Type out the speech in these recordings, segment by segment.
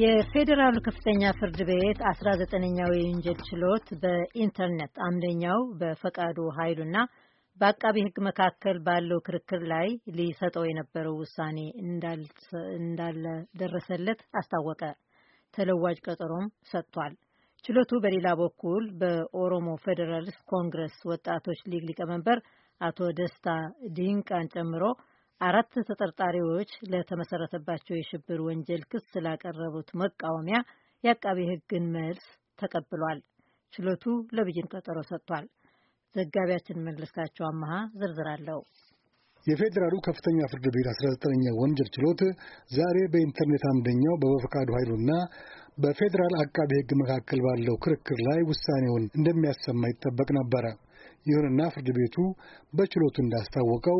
የፌዴራሉ ከፍተኛ ፍርድ ቤት 19 ዘጠነኛው የወንጀል ችሎት በኢንተርኔት አምደኛው በፈቃዱ ኃይሉና በአቃቢ ሕግ መካከል ባለው ክርክር ላይ ሊሰጠው የነበረው ውሳኔ እንዳልደረሰለት አስታወቀ። ተለዋጭ ቀጠሮም ሰጥቷል። ችሎቱ በሌላ በኩል በኦሮሞ ፌዴራልስ ኮንግረስ ወጣቶች ሊግ ሊቀመንበር አቶ ደስታ ዲንቃን ጨምሮ አራት ተጠርጣሪዎች ለተመሰረተባቸው የሽብር ወንጀል ክስ ስላቀረቡት መቃወሚያ የአቃቤ ሕግን መልስ ተቀብሏል። ችሎቱ ለብይን ቀጠሮ ሰጥቷል። ዘጋቢያችን መለስካቸው አመሃ ዝርዝር አለው። የፌዴራሉ ከፍተኛ ፍርድ ቤት 19 ወንጀል ችሎት ዛሬ በኢንተርኔት አምደኛው በበፈቃዱ ኃይሉና በፌዴራል አቃቤ ሕግ መካከል ባለው ክርክር ላይ ውሳኔውን እንደሚያሰማ ይጠበቅ ነበረ። ይሁንና ፍርድ ቤቱ በችሎቱ እንዳስታወቀው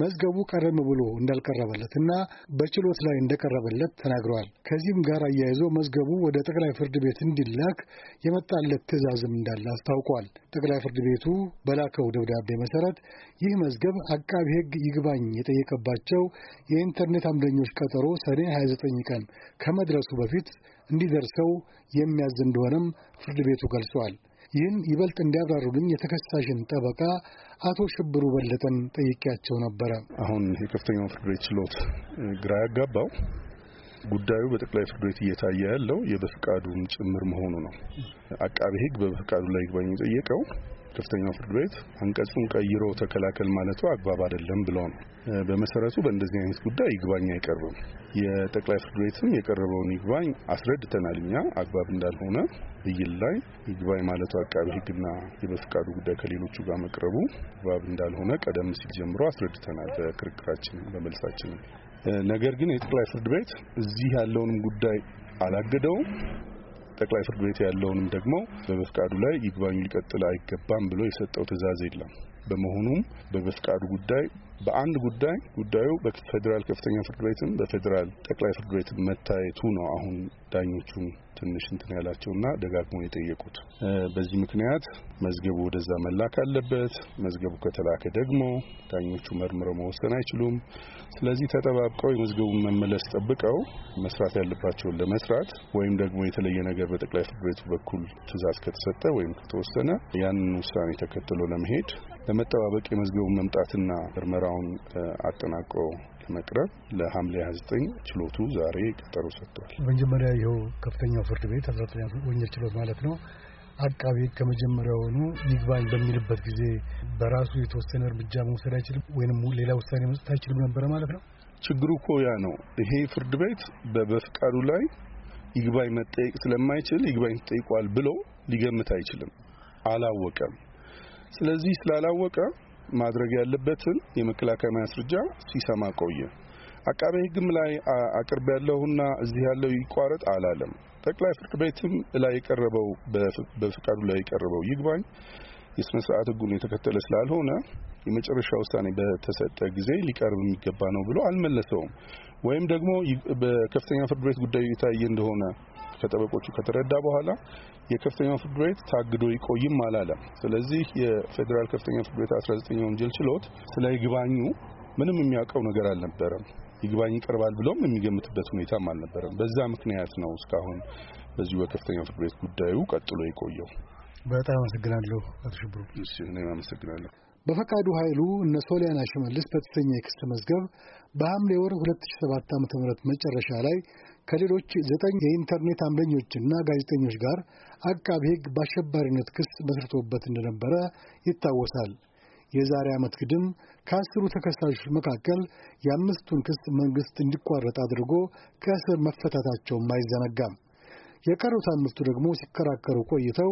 መዝገቡ ቀደም ብሎ እንዳልቀረበለትና በችሎት ላይ እንደቀረበለት ተናግረዋል። ከዚህም ጋር አያይዞ መዝገቡ ወደ ጠቅላይ ፍርድ ቤት እንዲላክ የመጣለት ትዕዛዝም እንዳለ አስታውቋል። ጠቅላይ ፍርድ ቤቱ በላከው ደብዳቤ መሰረት ይህ መዝገብ አቃቢ ሕግ ይግባኝ የጠየቀባቸው የኢንተርኔት አምደኞች ቀጠሮ ሰኔ 29 ቀን ከመድረሱ በፊት እንዲደርሰው የሚያዝ እንደሆነም ፍርድ ቤቱ ገልጿል። ይህን ይበልጥ እንዲያብራሩልኝ የተከሳሽን ጠበቃ አቶ ሽብሩ በለጠን ጠይቄያቸው ነበረ። አሁን የከፍተኛውን ፍርድ ቤት ችሎት ግራ ያጋባው ጉዳዩ በጠቅላይ ፍርድ ቤት እየታየ ያለው የበፍቃዱን ጭምር መሆኑ ነው። አቃቤ ሕግ በበፍቃዱ ላይ ይግባኝ የጠየቀው ከፍተኛው ፍርድ ቤት አንቀጹን ቀይሮ ተከላከል ማለቱ አግባብ አይደለም ብሎ ነው። በመሰረቱ በእንደዚህ አይነት ጉዳይ ይግባኝ አይቀርብም። የጠቅላይ ፍርድ ቤትም የቀረበውን ይግባኝ አስረድተናል። እኛ አግባብ እንዳልሆነ ብይን ላይ ይግባኝ ማለቱ አቃቢ ሕግና የበፍቃዱ ጉዳይ ከሌሎቹ ጋር መቅረቡ አግባብ እንዳልሆነ ቀደም ሲል ጀምሮ አስረድተናል በክርክራችን በመልሳችን። ነገር ግን የጠቅላይ ፍርድ ቤት እዚህ ያለውንም ጉዳይ አላገደውም ጠቅላይ ፍርድ ቤት ያለውንም ደግሞ በበፍቃዱ ላይ ይግባኙ ሊቀጥል አይገባም ብሎ የሰጠው ትዕዛዝ የለም። በመሆኑም በበፍቃዱ ጉዳይ በአንድ ጉዳይ ጉዳዩ በፌዴራል ከፍተኛ ፍርድ ቤትም በፌዴራል ጠቅላይ ፍርድ ቤት መታየቱ ነው። አሁን ዳኞቹን ትንሽ እንትን ያላቸውና ደጋግሞ የጠየቁት በዚህ ምክንያት መዝገቡ ወደዛ መላክ አለበት። መዝገቡ ከተላከ ደግሞ ዳኞቹ መርምረው መወሰን አይችሉም። ስለዚህ ተጠባብቀው የመዝገቡን መመለስ ጠብቀው መስራት ያለባቸውን ለመስራት ወይም ደግሞ የተለየ ነገር በጠቅላይ ፍርድ ቤቱ በኩል ትዕዛዝ ከተሰጠ ወይም ከተወሰነ ያንን ውሳኔ ተከትሎ ለመሄድ ለመጠባበቅ የመዝገቡን መምጣትና ምርመራውን አጠናቆ መቅረብ ለሐምሌ 29 ችሎቱ ዛሬ ቀጠሮ ሰጥቷል። መጀመሪያ ይኸው ከፍተኛው ፍርድ ቤት አስራ ወንጀል ችሎት ማለት ነው አቃቤ ከመጀመሪያውኑ ይግባኝ በሚልበት ጊዜ በራሱ የተወሰነ እርምጃ መውሰድ አይችልም ወይም ሌላ ውሳኔ መስጠት አይችልም ነበረ ማለት ነው። ችግሩ እኮ ያ ነው። ይሄ ፍርድ ቤት በበፍቃዱ ላይ ይግባኝ መጠየቅ ስለማይችል ይግባኝ ተጠይቋል ብሎ ሊገምት አይችልም። አላወቀም። ስለዚህ ስላላወቀ ማድረግ ያለበትን የመከላከያ ማስረጃ ሲሰማ ቆየ። አቃቤ ሕግም ላይ አቅርብ ያለውና እዚህ ያለው ይቋረጥ አላለም። ጠቅላይ ፍርድ ቤትም ላይ የቀረበው በፍቃዱ ላይ የቀረበው ይግባኝ የስነ ስርዓት ሕጉን የተከተለ ስላልሆነ የመጨረሻ ውሳኔ በተሰጠ ጊዜ ሊቀርብ የሚገባ ነው ብሎ አልመለሰውም። ወይም ደግሞ በከፍተኛ ፍርድ ቤት ጉዳዩ የታየ እንደሆነ ከጠበቆቹ ከተረዳ በኋላ የከፍተኛው ፍርድ ቤት ታግዶ ይቆይም አላለም። ስለዚህ የፌዴራል ከፍተኛ ፍርድ ቤት 19 ወንጀል ችሎት ስለ ይግባኙ ምንም የሚያውቀው ነገር አልነበረም። ይግባኝ ይቀርባል ብሎም የሚገምትበት ሁኔታም አልነበረም። በዛ ምክንያት ነው እስካሁን በዚሁ በከፍተኛው ፍርድ ቤት ጉዳዩ ቀጥሎ የቆየው። በጣም አመሰግናለሁ አቶ ሽብሩ። እሺ እኔም አመሰግናለሁ። በፈቃዱ ኃይሉ እነ ሶሊያና ሽመልስ በተሰኘ የክስ መዝገብ በሐምሌ ወር 2007 ዓ.ም መጨረሻ ላይ ከሌሎች ዘጠኝ የኢንተርኔት አምለኞችና ጋዜጠኞች ጋር አቃቢ ሕግ በአሸባሪነት ክስ መስርቶበት እንደነበረ ይታወሳል። የዛሬ ዓመት ግድም ከአስሩ ተከሳሾች መካከል የአምስቱን ክስ መንግሥት እንዲቋረጥ አድርጎ ከእስር መፈታታቸውም አይዘነጋም። የቀሩት አምስቱ ደግሞ ሲከራከሩ ቆይተው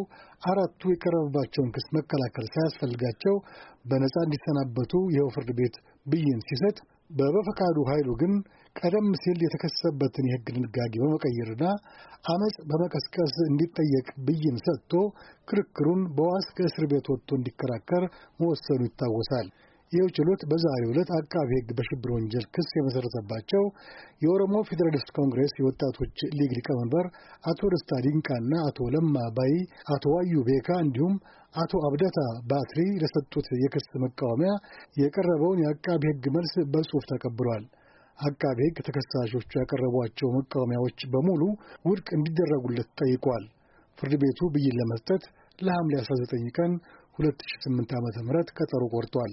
አራቱ የቀረበባቸውን ክስ መከላከል ሳያስፈልጋቸው በነፃ እንዲሰናበቱ ይኸው ፍርድ ቤት ብይን ሲሰጥ በበፈቃዱ ኃይሉ ግን ቀደም ሲል የተከሰሰበትን የሕግ ድንጋጌ በመቀየርና አመፅ በመቀስቀስ እንዲጠየቅ ብይን ሰጥቶ ክርክሩን በዋስ ከእስር ቤት ወጥቶ እንዲከራከር መወሰኑ ይታወሳል። ይኸው ችሎት በዛሬው ዕለት አቃቢ ሕግ በሽብር ወንጀል ክስ የመሰረተባቸው የኦሮሞ ፌዴራሊስት ኮንግሬስ የወጣቶች ሊግ ሊቀመንበር አቶ ደስታ ዲንቃና አቶ ለማ ባይ፣ አቶ ዋዩ ቤካ እንዲሁም አቶ አብደታ ባትሪ ለሰጡት የክስ መቃወሚያ የቀረበውን የአቃቢ ሕግ መልስ በጽሑፍ ተቀብሏል። አቃቢ ሕግ ተከሳሾቹ ያቀረቧቸው መቃወሚያዎች በሙሉ ውድቅ እንዲደረጉለት ጠይቋል። ፍርድ ቤቱ ብይን ለመስጠት ለሐምሌ 19 ቀን 2008 ዓ.ም ቀጠሮ ቆርጧል።